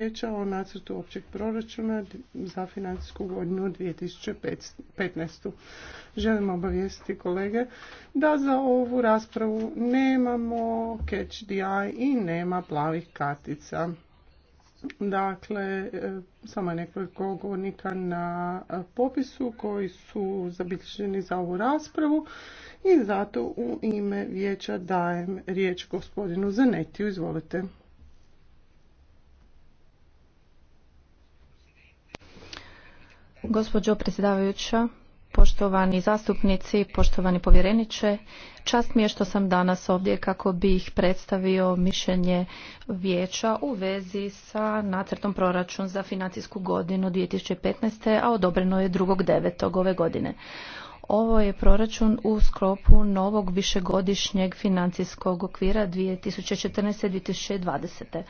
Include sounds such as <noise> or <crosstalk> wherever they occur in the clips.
vijeća o nacrtu općeg proračuna za financijsku godinu 2015. Želim obavijestiti kolege da za ovu raspravu nemamo catch the i nema plavih kartica. Dakle, e, samo je nekoliko govornika na popisu koji su zabilježeni za ovu raspravu i zato u ime vijeća dajem riječ gospodinu Zanetiju. Izvolite. Gospođo predsjedavajuća, poštovani zastupnici, poštovani povjereniče, čast mi je što sam danas ovdje kako bih predstavio mišljenje vijeća u vezi sa nacrtom proračun za financijsku godinu 2015. a odobreno je 2.9. ove godine. Ovo je proračun u sklopu novog višegodišnjeg financijskog okvira 2014. 2020.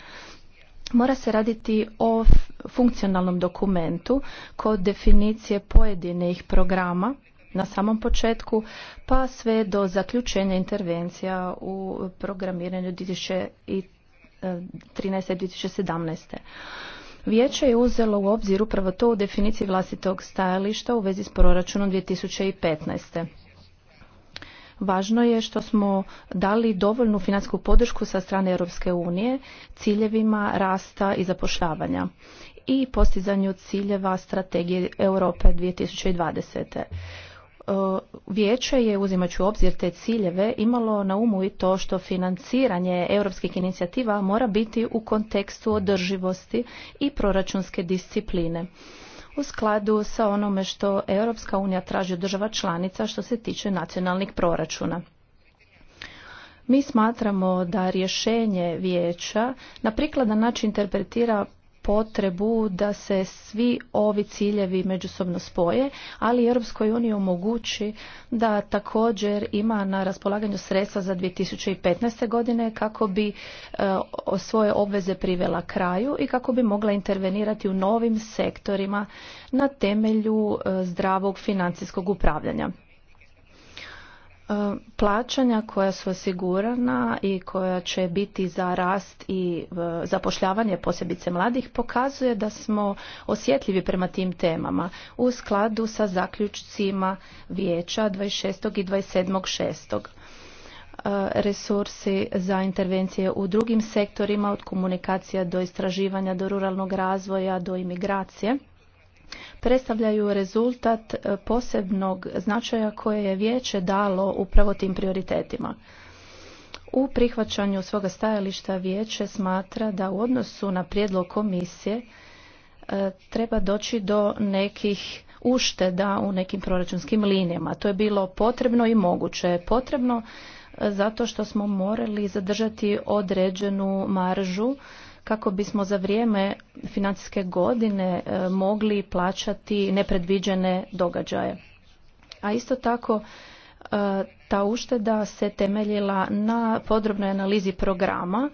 Mora se raditi o funkcionalnom dokumentu kod definicije pojedinih programa na samom početku pa sve do zaključenja intervencija u programiranju 2013-2017. E, Vijeće je uzelo u obzir upravo to u definiciji vlastitog stajališta u vezi s proračunom 2015. Važno je što smo dali dovoljnu financijsku podršku sa strane Europske unije ciljevima rasta i zapošljavanja i postizanju ciljeva strategije Europe 2020. E, vijeće je, uzimaću u obzir te ciljeve, imalo na umu i to što financiranje europskih inicijativa mora biti u kontekstu održivosti i proračunske discipline u skladu sa onome što Europska unija traži od država članica što se tiče nacionalnih proračuna. Mi smatramo da rješenje vijeća na prikladan način interpretira potrebu da se svi ovi ciljevi međusobno spoje, ali Europskoj uniji omogući da također ima na raspolaganju sredstva za 2015. godine kako bi e, svoje obveze privela kraju i kako bi mogla intervenirati u novim sektorima na temelju e, zdravog financijskog upravljanja plaćanja koja su osigurana i koja će biti za rast i e, zapošljavanje posebice mladih pokazuje da smo osjetljivi prema tim temama u skladu sa zaključcima vijeća 26. i šestog, e, resursi za intervencije u drugim sektorima od komunikacija do istraživanja do ruralnog razvoja do imigracije predstavljaju rezultat e, posebnog značaja koje je vijeće dalo upravo tim prioritetima. U prihvaćanju svoga stajališta vijeće smatra da u odnosu na prijedlog komisije e, treba doći do nekih ušteda u nekim proračunskim linijama. To je bilo potrebno i moguće. Potrebno e, zato što smo morali zadržati određenu maržu kako bismo za vrijeme financijske godine e, mogli plaćati nepredviđene događaje. A isto tako e, ta ušteda se temeljila na podrobnoj analizi programa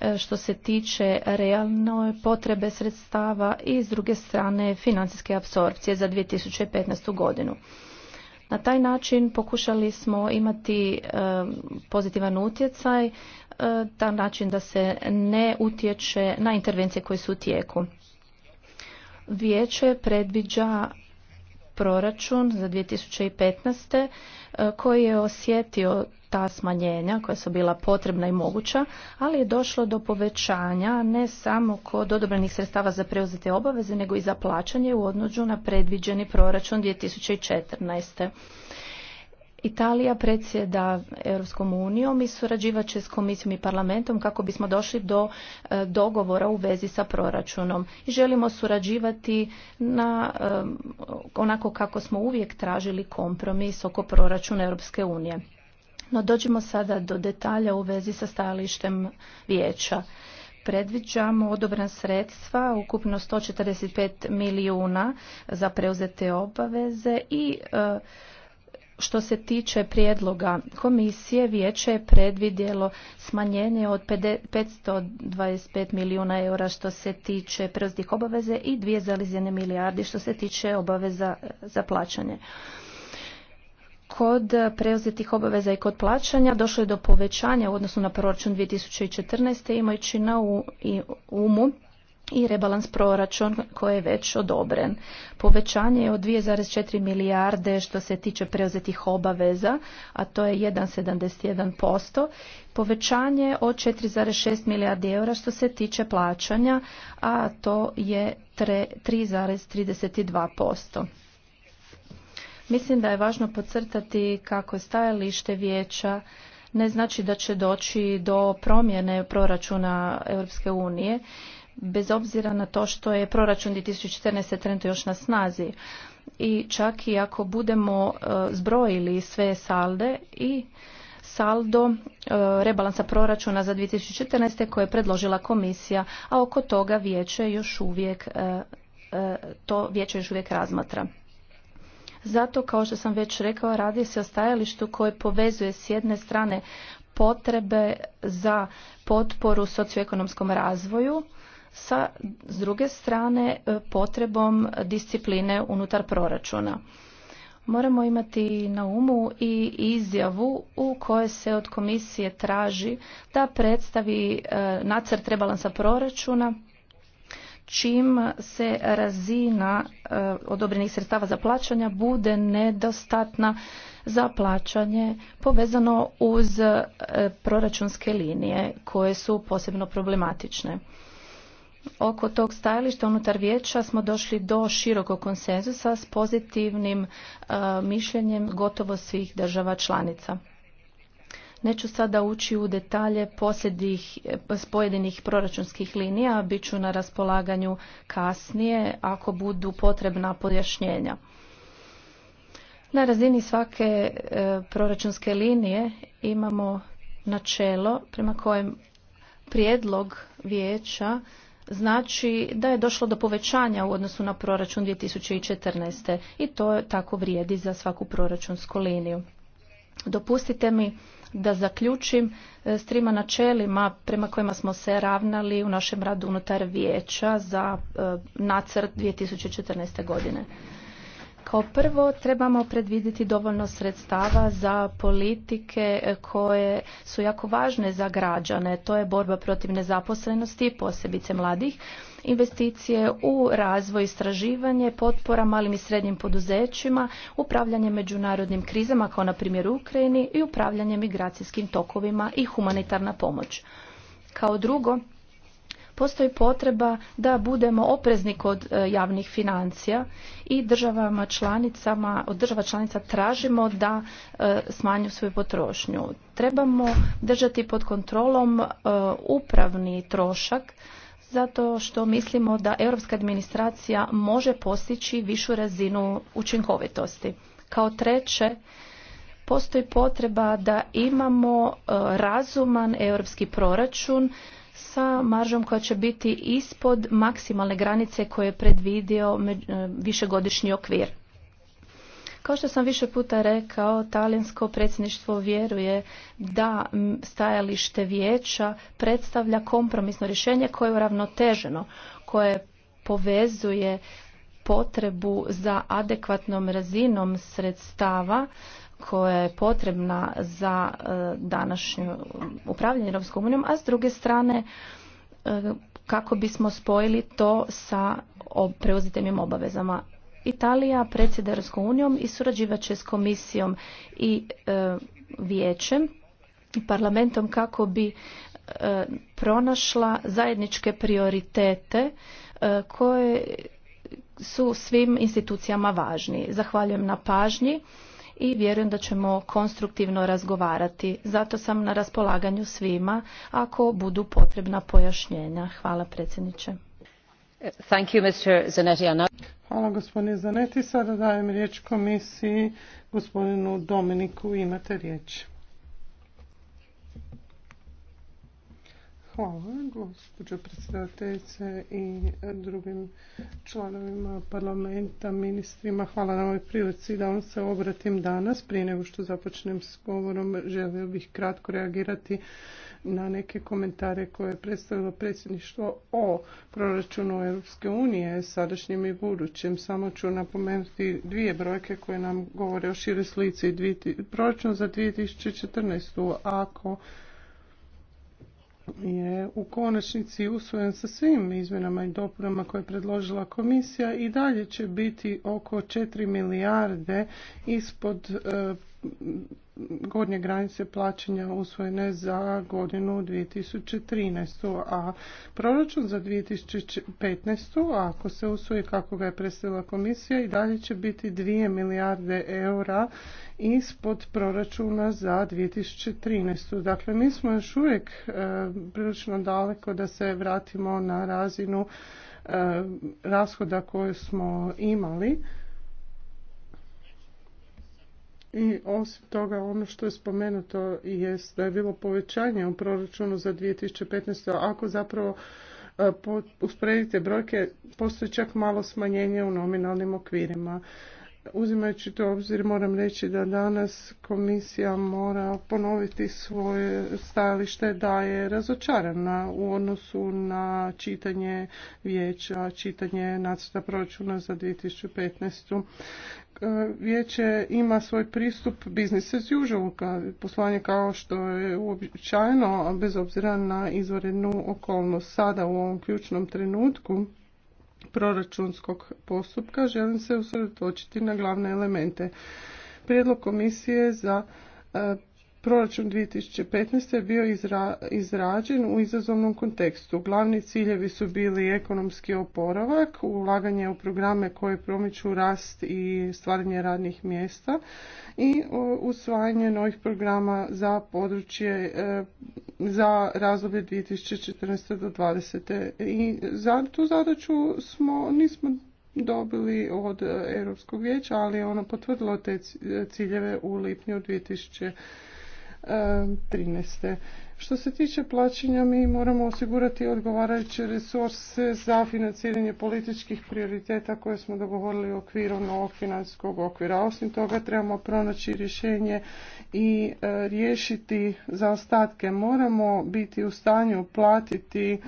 e, što se tiče realne potrebe sredstava i s druge strane financijske apsorpcije za 2015. godinu. Na taj način pokušali smo imati e, pozitivan utjecaj, e, ta način da se ne utječe na intervencije koje su u tijeku. Vijeće predviđa proračun za 2015. E, koji je osjetio ta smanjenja koja su bila potrebna i moguća, ali je došlo do povećanja ne samo kod odobrenih sredstava za preuzete obaveze, nego i za plaćanje u odnođu na predviđeni proračun 2014. Italija predsjeda Europskom unijom i surađivat će s komisijom i parlamentom kako bismo došli do e, dogovora u vezi sa proračunom. I želimo surađivati na e, onako kako smo uvijek tražili kompromis oko proračuna Europske unije. No dođemo sada do detalja u vezi sa stajalištem vijeća. Predviđamo odobran sredstva, ukupno 145 milijuna za preuzete obaveze i e, što se tiče prijedloga komisije, vijeće je predvidjelo smanjenje od 525 milijuna eura što se tiče preuzetih obaveze i 2,1 milijardi što se tiče obaveza e, za plaćanje. Kod preuzetih obaveza i kod plaćanja došlo je do povećanja u odnosu na proračun 2014. imajući na umu i rebalans proračun koji je već odobren. Povećanje je od 2,4 milijarde što se tiče preuzetih obaveza, a to je 1,71%. Povećanje od 4,6 milijardi eura što se tiče plaćanja, a to je 3,32%. Mislim da je važno podcrtati kako je stajalište vijeća ne znači da će doći do promjene proračuna Europske unije bez obzira na to što je proračun 2014. trenutno još na snazi. I čak i ako budemo e, zbrojili sve salde i saldo e, rebalansa proračuna za 2014. koje je predložila komisija, a oko toga vijeće još uvijek e, to vijeće još uvijek razmatra. Zato, kao što sam već rekao, radi se o stajalištu koje povezuje s jedne strane potrebe za potporu socioekonomskom razvoju sa s druge strane e, potrebom discipline unutar proračuna. Moramo imati na umu i izjavu u kojoj se od komisije traži da predstavi e, nacrt rebalansa proračuna čim se razina e, odobrenih sredstava za plaćanja bude nedostatna za plaćanje povezano uz proračunske linije koje su posebno problematične oko tog stajališta unutar vijeća smo došli do širokog konsenzusa s pozitivnim e, mišljenjem gotovo svih država članica. Neću sada ući u detalje posljedih, pojedinih proračunskih linija, bit ću na raspolaganju kasnije ako budu potrebna pojašnjenja. Na razini svake e, proračunske linije imamo načelo prema kojem prijedlog vijeća znači da je došlo do povećanja u odnosu na proračun 2014. i to tako vrijedi za svaku proračunsku liniju. Dopustite mi da zaključim e, s trima načelima prema kojima smo se ravnali u našem radu unutar vijeća za e, nacrt 2014. godine. Kao prvo trebamo predvidjeti dovoljno sredstava za politike e, koje su jako važne za građane. To je borba protiv nezaposlenosti, posebice mladih, investicije u razvoj, istraživanje, potpora malim i srednjim poduzećima, upravljanje međunarodnim krizama kao na primjer u Ukrajini i upravljanje migracijskim tokovima i humanitarna pomoć. Kao drugo, postoji potreba da budemo oprezni kod e, javnih financija i državama članicama, od država članica tražimo da e, smanju svoju potrošnju. Trebamo držati pod kontrolom e, upravni trošak zato što mislimo da europska administracija može postići višu razinu učinkovitosti. Kao treće, postoji potreba da imamo razuman europski proračun sa maržom koja će biti ispod maksimalne granice koje je predvidio e, višegodišnji okvir. Kao što sam više puta rekao, talijansko predsjedništvo vjeruje da stajalište vijeća predstavlja kompromisno rješenje koje je uravnoteženo, koje povezuje potrebu za adekvatnom razinom sredstava koja je potrebna za e, današnju upravljanje Europskom unijom, a s druge strane e, kako bismo spojili to sa preuzetim obavezama. Italija predsjeda Europskom unijom i surađivat će s komisijom i e, vijećem i parlamentom kako bi pronašla zajedničke prioritete koje su svim institucijama važni. Zahvaljujem na pažnji i vjerujem da ćemo konstruktivno razgovarati. Zato sam na raspolaganju svima ako budu potrebna pojašnjenja. Hvala predsjedniče. Thank you, Mr. Zanetti. Hvala gospodine Zanetti. Sada dajem riječ komisiji gospodinu Dominiku. Imate riječ. Hvala, gospođo predsjedateljice i drugim članovima parlamenta, ministrima. Hvala na ovoj prilici da vam se obratim danas. Prije nego što započnem s govorom, želio bih kratko reagirati na neke komentare koje je predstavilo predsjedništvo o proračunu Europske unije, sadašnjem i budućem. Samo ću napomenuti dvije brojke koje nam govore o šire slici. Proračun za 2014. Ako je u konačnici usvojen sa svim izmjenama i dopunama koje je predložila komisija i dalje će biti oko 4 milijarde ispod e, gornje granice plaćanja usvojene za godinu 2013. A proračun za 2015. ako se usvoji kako ga je predstavila komisija i dalje će biti 2 milijarde eura ispod proračuna za 2013. Dakle, mi smo još uvijek e, prilično daleko da se vratimo na razinu e, rashoda koje smo imali i osim toga ono što je spomenuto jest da je bilo povećanje u proračunu za 2015. Ako zapravo e, usporedite brojke, postoji čak malo smanjenje u nominalnim okvirima. Uzimajući to obzir moram reći da danas komisija mora ponoviti svoje stajalište da je razočarana u odnosu na čitanje vijeća, čitanje nacrta proračuna za 2015 vijeće ima svoj pristup business as usual, poslovanje kao što je uobičajeno, bez obzira na izvorenu okolnost. Sada u ovom ključnom trenutku proračunskog postupka želim se usredotočiti na glavne elemente. Prijedlog komisije za e, Proračun 2015. je bio izra, izrađen u izazovnom kontekstu. Glavni ciljevi su bili ekonomski oporavak, ulaganje u programe koje promiču rast i stvaranje radnih mjesta i usvajanje novih programa za područje e, za razdoblje 2014. do 2020. I za tu zadaću smo, nismo dobili od Europskog vijeća, ali je ono potvrdilo te e, ciljeve u lipnju 2015 2013. Što se tiče plaćanja, mi moramo osigurati odgovarajuće resurse za financiranje političkih prioriteta koje smo dogovorili u okviru novog financijskog okvira. Osim toga, trebamo pronaći rješenje i e, riješiti zaostatke. Moramo biti u stanju platiti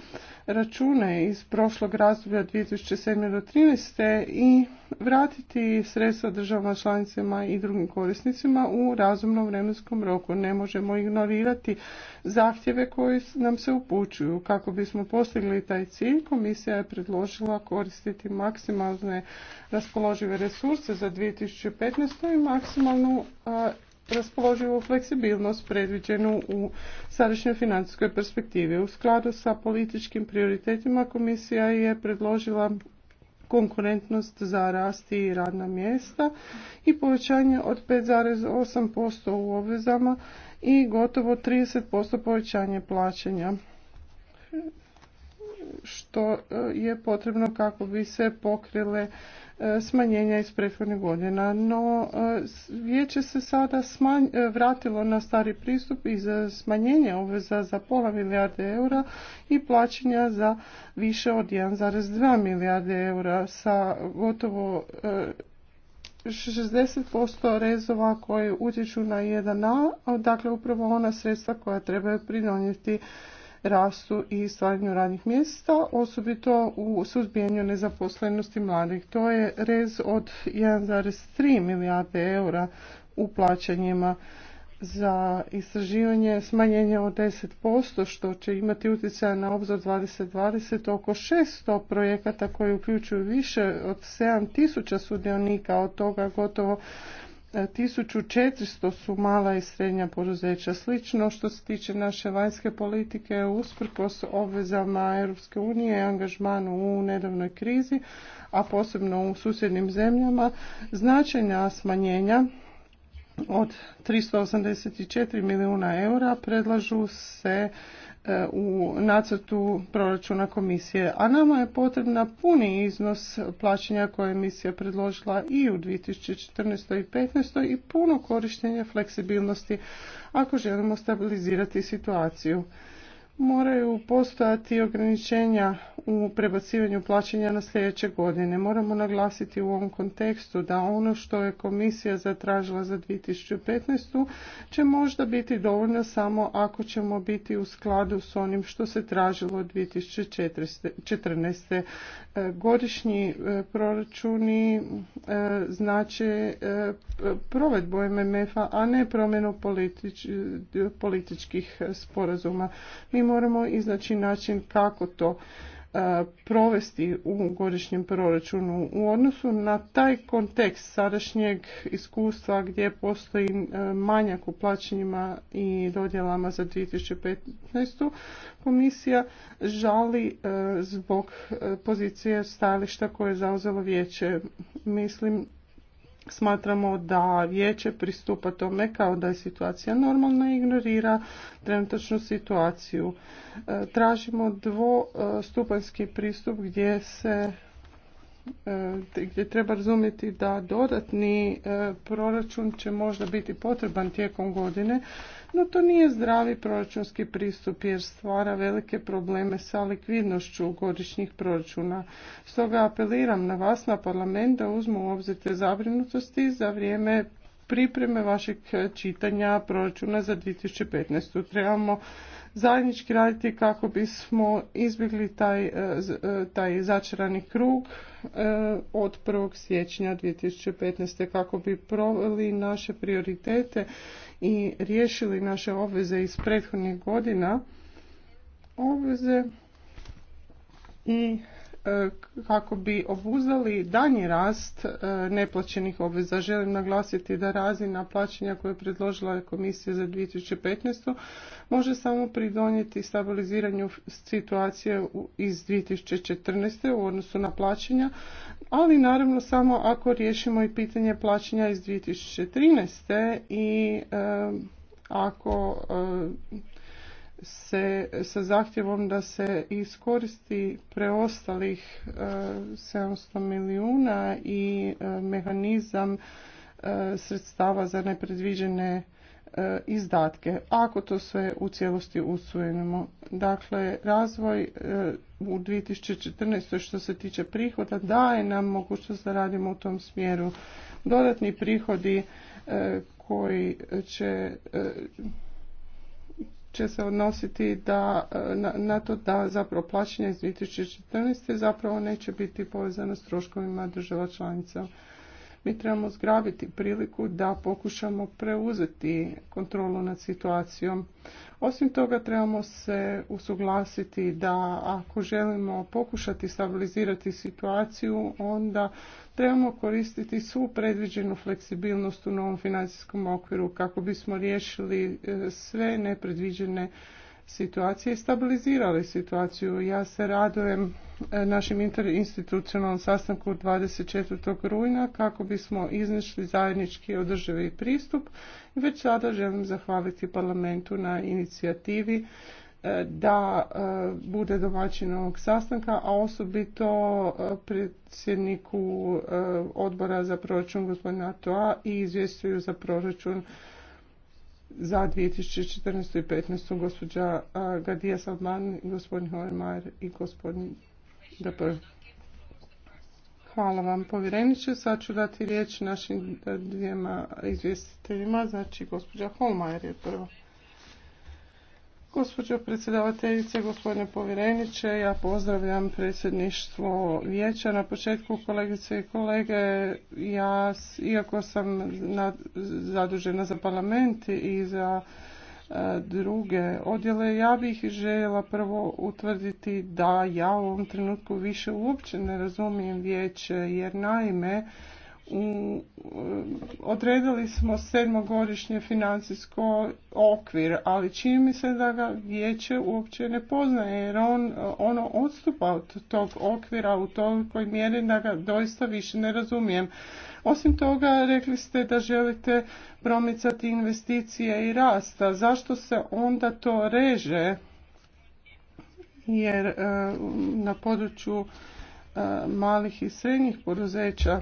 račune iz prošlog razdoblja 2007. do 2013. i vratiti sredstva državama članicama i drugim korisnicima u razumnom vremenskom roku. Ne možemo ignorirati zahtjeve koji nam se upućuju. Kako bismo postigli taj cilj, komisija je predložila koristiti maksimalne raspoložive resurse za 2015. i maksimalnu raspoloživu fleksibilnost predviđenu u sadašnjoj financijskoj perspektivi. U skladu sa političkim prioritetima komisija je predložila konkurentnost za rast i radna mjesta i povećanje od 5,8% u obvezama i gotovo 30% povećanje plaćanja što e, je potrebno kako bi se pokrile E, smanjenja iz prethodnih godina. No, e, vijeće se sada smanj, e, vratilo na stari pristup i za smanjenje obveza za pola milijarde eura i plaćanja za više od 1,2 milijarde eura sa gotovo 60% rezova koje utječu na 1A, dakle upravo ona sredstva koja trebaju pridonijeti rastu i stvaranju radnih mjesta, osobito u suzbijanju nezaposlenosti mladih. To je rez od 1,3 milijarde eura u plaćanjima za istraživanje smanjenje od 10%, što će imati utjecaj na obzor 2020 oko 600 projekata koji uključuju više od 7000 sudionika, od toga gotovo 1400 su mala i srednja poduzeća. Slično što se tiče naše vanjske politike, usprkos obvezama Europske unije i angažmanu u nedavnoj krizi, a posebno u susjednim zemljama, značajna smanjenja od 384 milijuna eura predlažu se E, u nacrtu proračuna komisije, a nama je potrebna puni iznos plaćanja koje je misija predložila i u 2014. i 2015. i puno korištenje fleksibilnosti ako želimo stabilizirati situaciju moraju postojati ograničenja u prebacivanju plaćanja na sljedeće godine. Moramo naglasiti u ovom kontekstu da ono što je komisija zatražila za 2015. će možda biti dovoljno samo ako ćemo biti u skladu s onim što se tražilo od 2014. Godišnji e, proračuni e, znače e, provedbu MMF-a, a ne promjenu političkih sporazuma. Mi moramo iznaći način kako to e, provesti u godišnjem proračunu u odnosu na taj kontekst sadašnjeg iskustva gdje postoji e, manjak u plaćanjima i dodjelama za 2015. komisija žali e, zbog pozicije stajališta koje je zauzelo vijeće. Mislim Smatramo da vijeće pristupa tome kao da je situacija normalna i ignorira trenutačnu situaciju. E, tražimo dvostupanski pristup gdje se E, gdje treba razumjeti da dodatni e, proračun će možda biti potreban tijekom godine, no to nije zdravi proračunski pristup jer stvara velike probleme sa likvidnošću godišnjih proračuna. Stoga apeliram na vas, na parlament, da uzmu u obzir te zabrinutosti za vrijeme pripreme vašeg čitanja proračuna za 2015. Trebamo zajednički raditi kako bismo izbjegli taj, e, e, taj začarani krug e, od 1. siječnja 2015. kako bi proveli naše prioritete i riješili naše obveze iz prethodnih godina obveze i E, kako bi obuzali danji rast e, neplaćenih obveza. Želim naglasiti da razina plaćanja koje je predložila komisija za 2015. može samo pridonijeti stabiliziranju situacije iz 2014. u odnosu na plaćanja, ali naravno samo ako riješimo i pitanje plaćanja iz 2013. i e, ako se sa zahtjevom da se iskoristi preostalih 700 e, milijuna i e, mehanizam e, sredstava za nepredviđene izdatke, ako to sve u cijelosti usvojenemo. Dakle, razvoj u 2014. što se tiče prihoda daje nam mogućnost da radimo u tom smjeru. Dodatni prihodi koji će će se odnositi da, e, na, na to da zapravo plaćanje iz 2014. zapravo neće biti povezano s troškovima država članica mi trebamo zgrabiti priliku da pokušamo preuzeti kontrolu nad situacijom. Osim toga trebamo se usuglasiti da ako želimo pokušati stabilizirati situaciju, onda trebamo koristiti svu predviđenu fleksibilnost u novom financijskom okviru kako bismo riješili e, sve nepredviđene situacije i stabilizirali situaciju. Ja se radujem e, našim interinstitucionalnom sastanku 24. rujna kako bismo iznišli zajednički održivi pristup i već sada želim zahvaliti parlamentu na inicijativi e, da e, bude domaćin ovog sastanka, a osobito predsjedniku odbora za proračun gospodina Toa i izvjestuju za proračun za 2014. i 2015. gospođa Gadija Salman, gospodin Holemar i gospodin Dapr. Hvala vam povjereniče. Sad ću dati riječ našim dvijema izvjestiteljima. Znači, gospođa Holmajer je prva. Gospođo predsjedavateljice, gospodine povjereniče, ja pozdravljam predsjedništvo vijeća. Na početku, kolegice i kolege, ja, iako sam zadužena za parlament i za e, druge odjele, ja bih željela prvo utvrditi da ja u ovom trenutku više uopće ne razumijem vijeće, jer naime, odredili smo sedmogodišnje financijsko okvir, ali čini mi se da ga vijeće uopće ne poznaje jer on, ono odstupa od tog okvira u tolikoj mjeri da ga doista više ne razumijem. Osim toga, rekli ste da želite promicati investicije i rasta. Zašto se onda to reže? Jer e, na području e, malih i srednjih poduzeća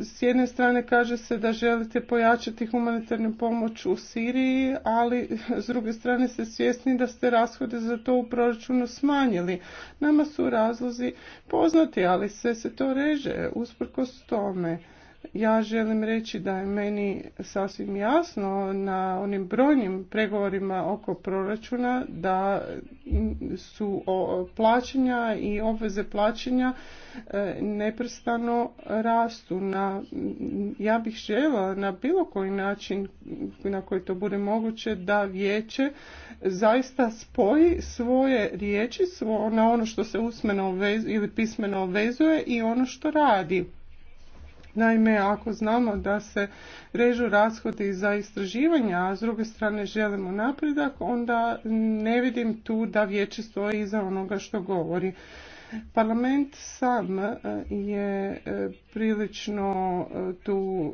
s jedne strane kaže se da želite pojačati humanitarnu pomoć u Siriji, ali s druge strane ste svjesni da ste rashode za to u proračunu smanjili. Nama su razlozi poznati, ali sve se to reže usprkos tome ja želim reći da je meni sasvim jasno na onim brojnim pregovorima oko proračuna da su plaćanja i obveze plaćanja e, neprestano rastu. Na, ja bih žela na bilo koji način na koji to bude moguće da vijeće zaista spoji svoje riječi svo, na ono što se usmeno ili pismeno obvezuje i ono što radi Naime, ako znamo da se režu rashodi za istraživanja, a s druge strane želimo napredak, onda ne vidim tu da vijeće stoji iza onoga što govori. Parlament sam e, je e, prilično e, tu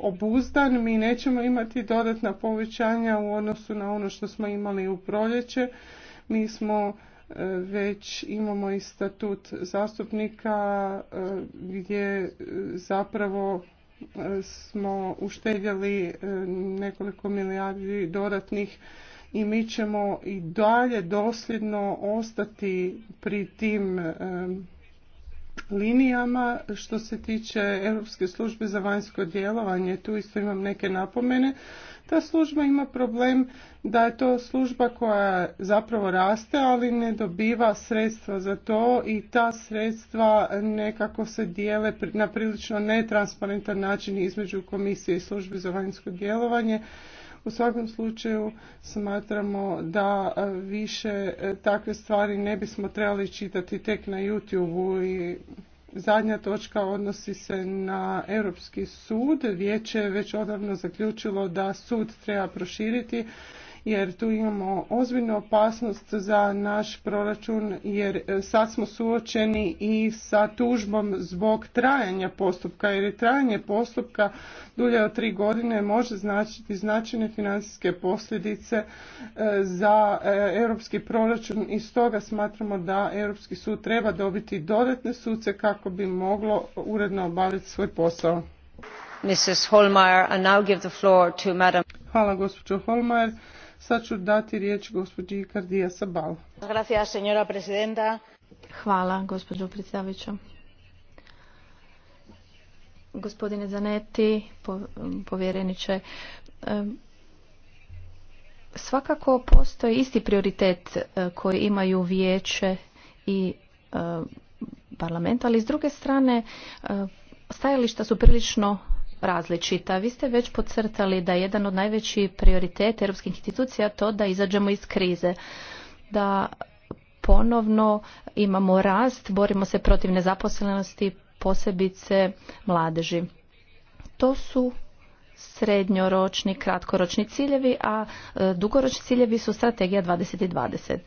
obuzdan. Mi nećemo imati dodatna povećanja u odnosu na ono što smo imali u proljeće. Mi smo već imamo i statut zastupnika e, gdje e, zapravo e, smo uštedjeli nekoliko milijardi dodatnih i mi ćemo i dalje dosljedno ostati pri tim linijama. Što se tiče Europske službe za vanjsko djelovanje, tu isto imam neke napomene. Ta služba ima problem da je to služba koja zapravo raste, ali ne dobiva sredstva za to i ta sredstva nekako se dijele na prilično netransparentan način između Komisije i službe za vanjsko djelovanje u svakom slučaju smatramo da e, više e, takve stvari ne bismo trebali čitati tek na YouTube-u i Zadnja točka odnosi se na Europski sud. Vijeće je već odavno zaključilo da sud treba proširiti jer tu imamo ozbiljnu opasnost za naš proračun jer e, sad smo suočeni i sa tužbom zbog trajanja postupka jer je trajanje postupka dulje od tri godine može značiti značajne financijske posljedice e, za e, europski proračun i stoga smatramo da Europski sud treba dobiti dodatne suce kako bi moglo uredno obaviti svoj posao. Mrs. now give the floor to Madam. Hvala gospođo Sad ću dati riječ gospođi Kardija Sabal. Hvala gospođo predsjedavajuća. Gospodine Zaneti, povjereniče, svakako postoji isti prioritet e, koji imaju vijeće i e, parlament, ali s druge strane e, stajališta su prilično različita. Vi ste već podcrtali da je jedan od najvećih prioriteta europskih institucija to da izađemo iz krize, da ponovno imamo rast, borimo se protiv nezaposlenosti, posebice mladeži. To su srednjoročni, kratkoročni ciljevi, a e, dugoročni ciljevi su strategija 2020.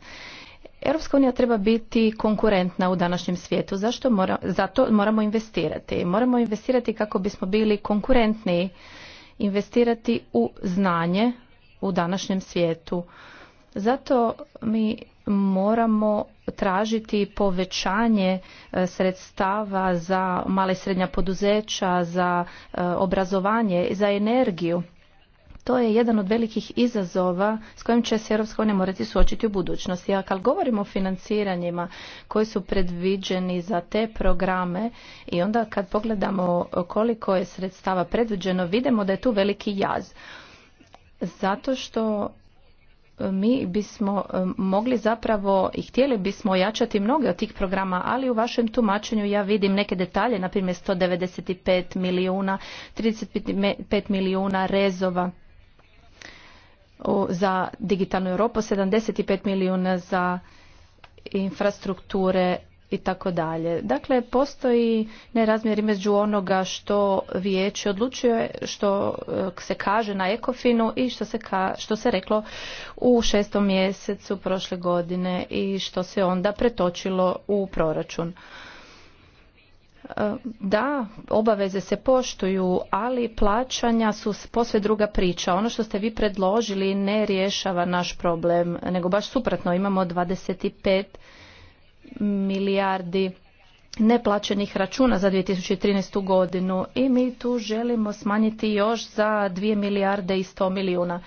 Europska unija treba biti konkurentna u današnjem svijetu. Zašto zato moramo investirati. Moramo investirati kako bismo bili konkurentni, investirati u znanje u današnjem svijetu. Zato mi moramo tražiti povećanje e, sredstava za male i srednja poduzeća, za e, obrazovanje, za energiju to je jedan od velikih izazova s kojim će se Europska unija morati suočiti u budućnosti. A kad govorimo o financiranjima koji su predviđeni za te programe i onda kad pogledamo koliko je sredstava predviđeno, vidimo da je tu veliki jaz. Zato što e, mi bismo e, mogli zapravo i htjeli bismo ojačati mnoge od tih programa, ali u vašem tumačenju ja vidim neke detalje, na primjer 195 milijuna, 35 milijuna rezova za digitalnu Europu, 75 milijuna za infrastrukture i tako dalje. Dakle, postoji nerazmjer između onoga što vijeće odlučuje, što e, se kaže na Ekofinu i što se, ka, što se reklo u šestom mjesecu prošle godine i što se onda pretočilo u proračun da, obaveze se poštuju, ali plaćanja su posve druga priča. Ono što ste vi predložili ne rješava naš problem, nego baš suprotno. Imamo 25 milijardi neplaćenih računa za 2013. godinu i mi tu želimo smanjiti još za 2 milijarde i 100 milijuna.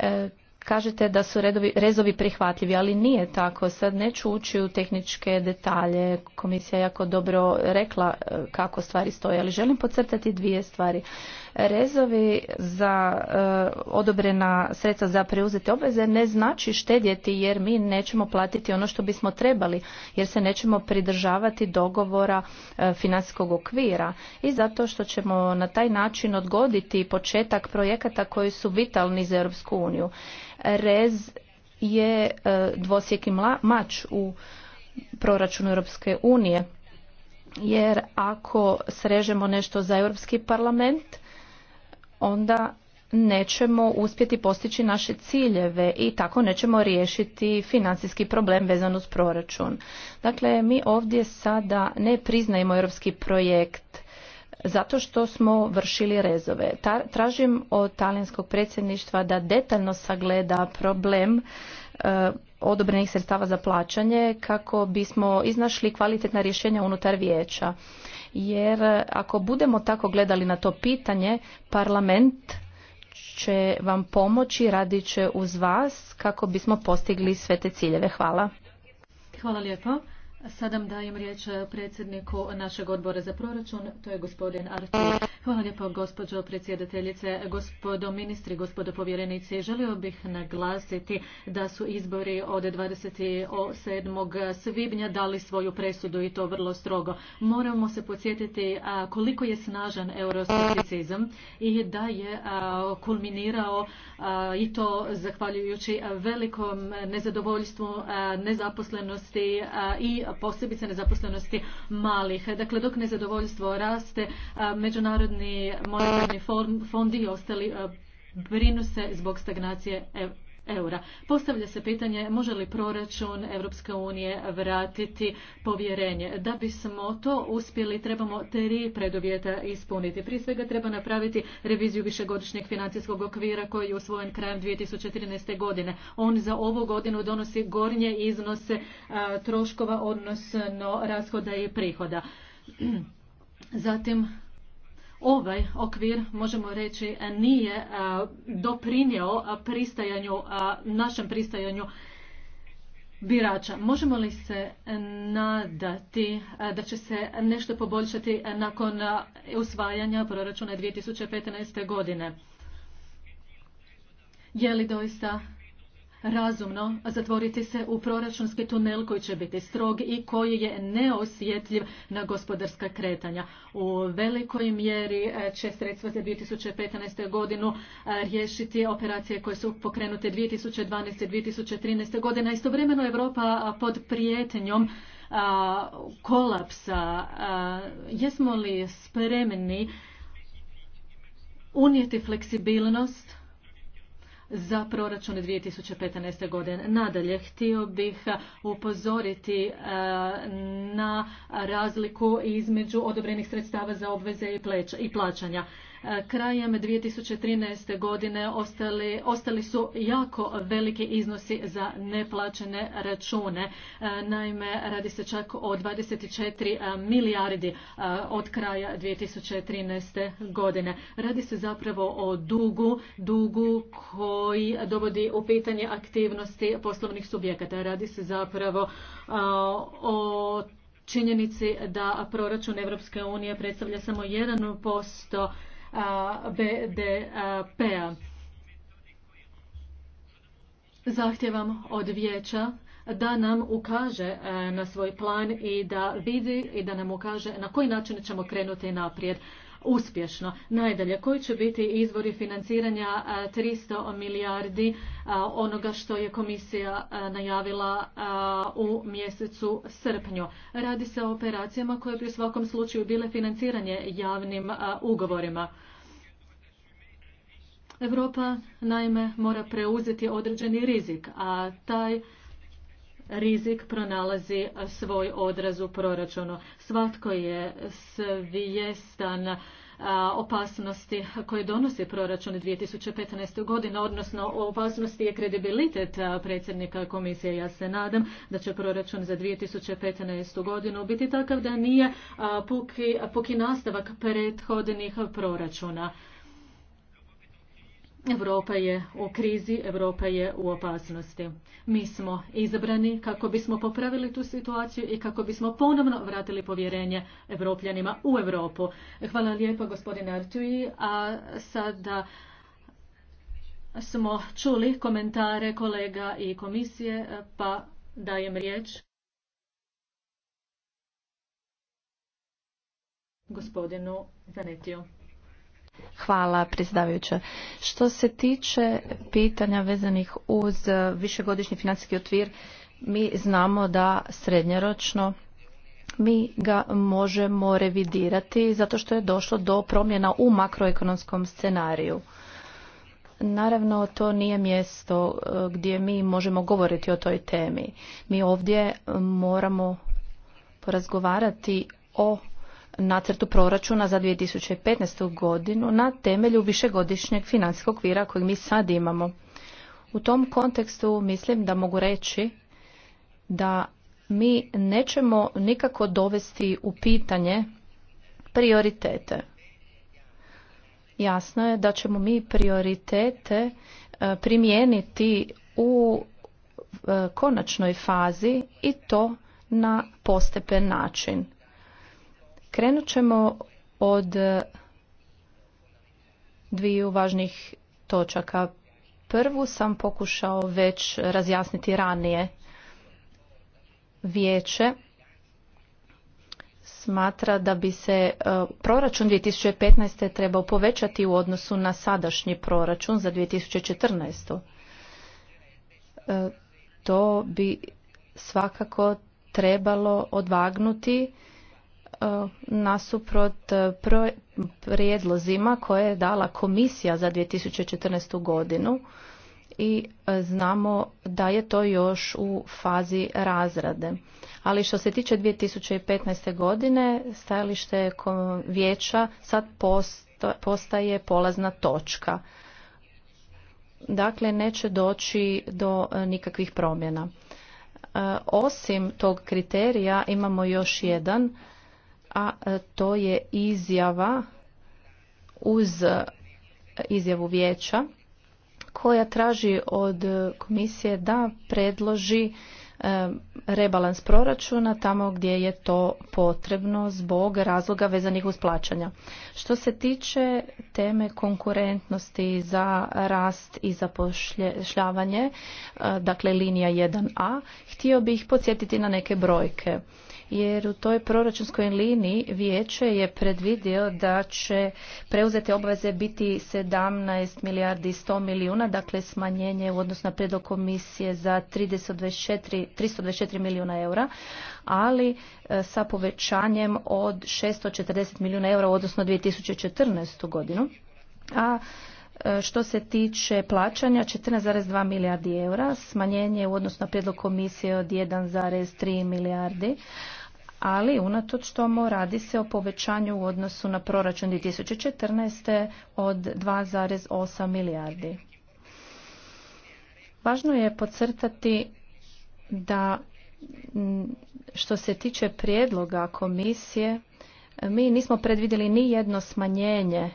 E, kažete da su redovi, rezovi prihvatljivi, ali nije tako. Sad neću ući u tehničke detalje. Komisija je jako dobro rekla e, kako stvari stoje, ali želim podcrtati dvije stvari. Rezovi za eh, odobrena sredstva za preuzete obveze ne znači štedjeti jer mi nećemo platiti ono što bismo trebali jer se nećemo pridržavati dogovora e, financijskog okvira i zato što ćemo na taj način odgoditi početak projekata koji su vitalni za Europsku uniju. Rez je eh, dvosjeki mač u proračunu Europske unije jer ako srežemo nešto za Europski parlament onda nećemo uspjeti postići naše ciljeve i tako nećemo riješiti financijski problem vezan uz proračun. Dakle, mi ovdje sada ne priznajemo europski projekt zato što smo vršili rezove. Tražim od talijanskog predsjedništva da detaljno sagleda problem e, odobrenih sredstava za plaćanje kako bismo iznašli kvalitetna rješenja unutar vijeća jer ako budemo tako gledali na to pitanje, parlament će vam pomoći, radit će uz vas kako bismo postigli sve te ciljeve. Hvala. Hvala lijepo. Sadam dajem riječ eh, predsjedniku našeg odbora za proračun, to je gospodin Artur. Hvala lijepo gospođo predsjedateljice, gospodo ministri, gospodo povjerenici. Želio bih naglasiti da su izbori od 27. svibnja dali svoju presudu i to vrlo strogo. Moramo se podsjetiti koliko je snažan euroskepticizam i da je kulminirao i to zahvaljujući velikom nezadovoljstvu, nezaposlenosti i posebice nezaposlenosti malih. Dakle, dok nezadovoljstvo raste, međunarodni monetarni fond i ostali brinu se zbog stagnacije eura. Postavlja se pitanje može li proračun Europske unije vratiti povjerenje. Da bismo to uspjeli trebamo tri preduvjeta ispuniti. Prije svega treba napraviti reviziju višegodišnjeg financijskog okvira koji je usvojen krajem 2014. godine. On za ovu godinu donosi gornje iznose troškova odnosno rashoda i prihoda. <clears throat> Zatim ovaj okvir, možemo reći, nije e, doprinio pristajanju, e, našem pristajanju birača. Možemo li se nadati e, da će se nešto poboljšati nakon usvajanja proračuna 2015. godine? Je li doista razumno zatvoriti se u proračunski tunel koji će biti strog i koji je neosjetljiv na gospodarska kretanja. U velikoj mjeri e, će sredstva za 2015. godinu e, riješiti operacije koje su pokrenute 2012. i 2013. godina. Istovremeno Europa e, pod prijetnjom kolapsa. jesmo li spremni unijeti fleksibilnost za proračun 2015. godine. Nadalje, htio bih upozoriti e, na razliku između odobrenih sredstava za obveze i plaćanja. Krajem 2013. godine ostali, ostali su jako veliki iznosi za neplaćene račune. E, naime, radi se čak o 24 e, milijardi e, od kraja 2013. godine. Radi se zapravo o dugu, dugu koji dovodi u pitanje aktivnosti poslovnih subjekata. Radi se zapravo o činjenici da proračun Europske unije predstavlja samo 1% BDP-a. Zahtjevam od vijeća da nam ukaže e, na svoj plan i da vidi i da nam ukaže na koji način ćemo krenuti naprijed uspješno. Najdalje, koji će biti izvori financiranja 300 e, milijardi e, onoga što je komisija najavila u mjesecu srpnju. Radi se o operacijama koje bi u svakom slučaju bile financiranje javnim ugovorima. Europa naime mora preuzeti određeni rizik, a taj rizik pronalazi svoj odraz u proračunu. Svatko je svijestan opasnosti koje donosi proračun 2015. godine, odnosno opasnosti je kredibilitet predsjednika komisije. Ja se nadam da će proračun za 2015. godinu biti takav da nije puki, puki nastavak prethodnih proračuna. Evropa je u krizi, Europa je u opasnosti. Mi smo izabrani kako bismo popravili tu situaciju i kako bismo ponovno vratili povjerenje Evropljanima u Europu. Hvala lijepa gospodine Artui, a sada smo čuli komentare kolega i komisije, pa dajem riječ. Gospodinu Zanetiju. Hvala, predsjedavajuća. Što se tiče pitanja vezanih uz višegodišnji financijski otvir, mi znamo da srednjeročno mi ga možemo revidirati zato što je došlo do promjena u makroekonomskom scenariju. Naravno, to nije mjesto e, gdje mi možemo govoriti o toj temi. Mi ovdje moramo porazgovarati o nacrtu proračuna za 2015. godinu na temelju višegodišnjeg financijskog okvira kojeg mi sad imamo. U tom kontekstu mislim da mogu reći da mi nećemo nikako dovesti u pitanje prioritete. Jasno je da ćemo mi prioritete e, primijeniti u e, konačnoj fazi i to na postepen način. Krenut ćemo od e, dviju važnih točaka. Prvu sam pokušao već razjasniti ranije. Vijeće smatra da bi se e, proračun 2015. trebao povećati u odnosu na sadašnji proračun za 2014. E, to bi svakako trebalo odvagnuti E, nasuprot e, prijedlozima koje je dala komisija za 2014. godinu i e, znamo da je to još u fazi razrade. Ali što se tiče 2015. godine, stajalište vijeća sad postaje polazna točka. Dakle, neće doći do nikakvih promjena. Osim tog kriterija imamo još jedan a e, to je izjava uz izjavu vijeća koja traži od komisije da predloži e, rebalans proračuna tamo gdje je to potrebno zbog razloga vezanih uz plaćanja. Što se tiče teme konkurentnosti za rast i zapošljavanje, e, dakle linija 1a, htio bih podsjetiti na neke brojke jer u toj proračunskoj liniji vijeće je predvidio da će preuzete obveze biti 17 milijardi 100 milijuna, dakle smanjenje u odnosu na prijedlog komisije za 324, 324 milijuna eura, ali e, sa povećanjem od 640 milijuna eura u odnosu na 2014. godinu. A E, što se tiče plaćanja, 14,2 milijardi eura, smanjenje u odnosu na prijedlog komisije od 1,3 milijardi, ali unatoč tomu radi se o povećanju u odnosu na proračun 2014. od 2,8 milijardi. Važno je podcrtati da što se tiče prijedloga komisije, mi nismo predvidjeli ni jedno smanjenje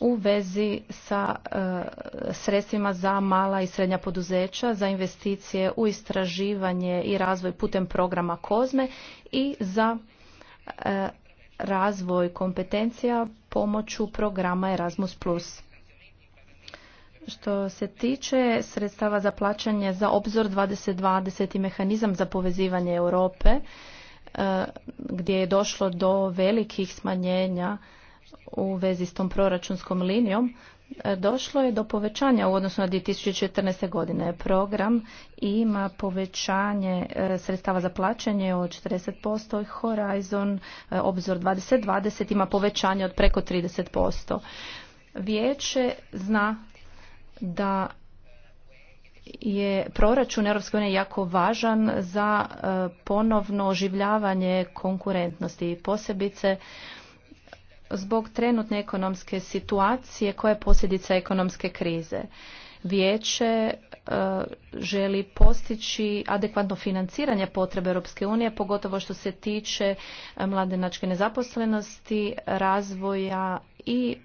u vezi sa e, sredstvima za mala i srednja poduzeća, za investicije u istraživanje i razvoj putem programa Kozme i za e, razvoj kompetencija pomoću programa Erasmus+. Što se tiče sredstava za plaćanje za obzor 2020 i mehanizam za povezivanje Europe, e, gdje je došlo do velikih smanjenja u vezi s tom proračunskom linijom e, došlo je do povećanja u odnosu na 2014. godine. Program ima povećanje e, sredstava za plaćanje od 40%, Horizon e, obzor 2020 ima povećanje od preko 30%. Vijeće zna da je proračun Europske jako važan za ponovno oživljavanje konkurentnosti, i posebice zbog trenutne ekonomske situacije koja je posljedica ekonomske krize. Vijeće e, želi postići adekvatno financiranje potrebe Europske unije, pogotovo što se tiče e, mladenačke nezaposlenosti, razvoja i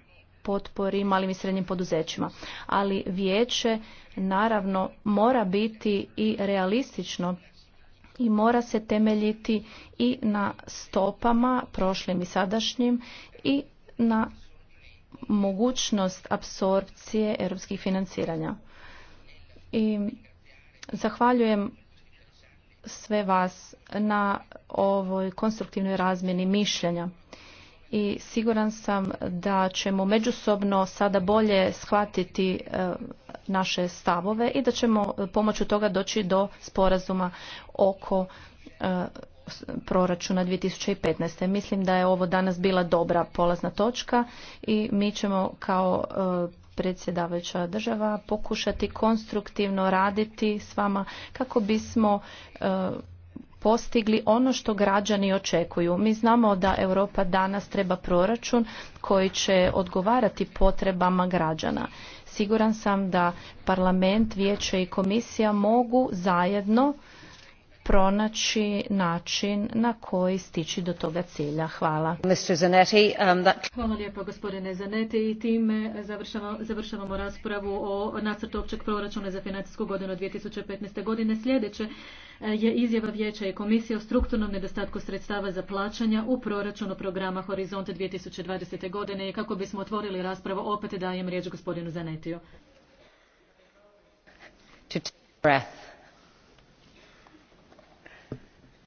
potpori malim i srednjim poduzećima. Ali vijeće naravno mora biti i realistično i mora se temeljiti i na stopama prošlim i sadašnjim i na mogućnost apsorpcije europskih financiranja. I zahvaljujem sve vas na ovoj konstruktivnoj razmjeni mišljenja i siguran sam da ćemo međusobno sada bolje shvatiti e, naše stavove i da ćemo e, pomoću toga doći do sporazuma oko e, proračuna 2015. Mislim da je ovo danas bila dobra polazna točka i mi ćemo kao e, predsjedavajuća država pokušati konstruktivno raditi s vama kako bismo postigli ono što građani očekuju. Mi znamo da Europa danas treba proračun koji će odgovarati potrebama građana Siguran sam da parlament, vijeće i komisija mogu zajedno pronaći način na koji stići do toga cilja. Hvala. Um, Hvala lijepo, gospodine Zanetti i time završavamo, raspravu o nacrtu općeg proračuna za financijsku godinu 2015. godine. Sljedeće e, je izjava vijeća i komisije o strukturnom nedostatku sredstava za plaćanja u proračunu programa Horizonte 2020. godine i kako bismo otvorili raspravu opet dajem riječ gospodinu Zanetiju.